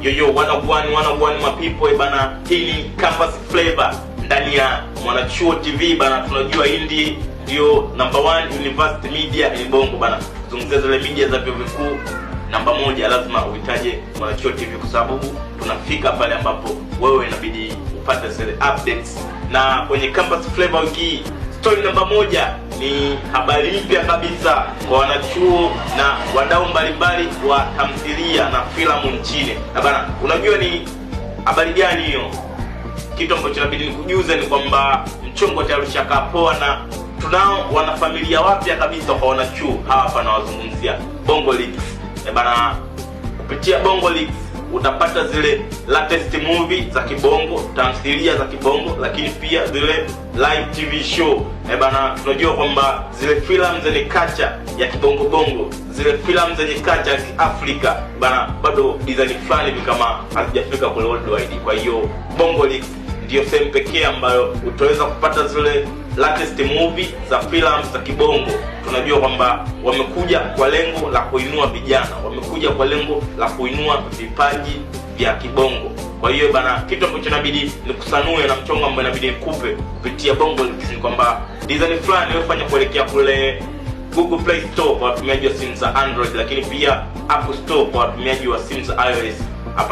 Yoyo wana one wana one mapipo e eh, bana, hili campus flavor ndani ya Mwanachuo TV bana, tunajua hili ndio number one university media ni Bongo bana. Zungumzia zile media za vyuo vikuu, namba moja lazima uhitaje Mwanachuo TV kwa sababu tunafika pale ambapo wewe inabidi upate zile updates. Na kwenye campus flavor wiki story namba moja ni habari mpya kabisa kwa wanachuo na wadau mbalimbali wa tamthilia na filamu nchini. Na bana, unajua ni habari gani hiyo? Kitu ambacho inabidi nikujuze ni kwamba mchongo kapoa na tunao wanafamilia wapya kabisa kwa wanachuo hapa, panawazungumzia Bongo Leaks. bana, kupitia Bongo Leaks utapata zile latest movie za kibongo, tamthilia za kibongo, lakini pia zile live TV show. Eh bana, tunajua kwamba zile film zenye kacha ya kibongo bongo, zile film zenye kacha ya Afrika bana, bado design fulani kama hazijafika kule worldwide. Kwa hiyo bongo ndiyo sehemu pekee ambayo utaweza kupata zile latest movie za filamu za kibongo, tunajua kwamba wamekuja kwa lengo la kuinua vijana, wamekuja kwa lengo la kuinua vipaji vya kibongo. Kwa hiyo bana, kitu ambacho inabidi nikusanue na mchongo ambao inabidi nikupe kupitia bongo ni kwamba design fulani iliyofanya kuelekea kule Google Play Store kwa watumiaji wa simu za Android, lakini pia App Store kwa watumiaji wa simu za iOS.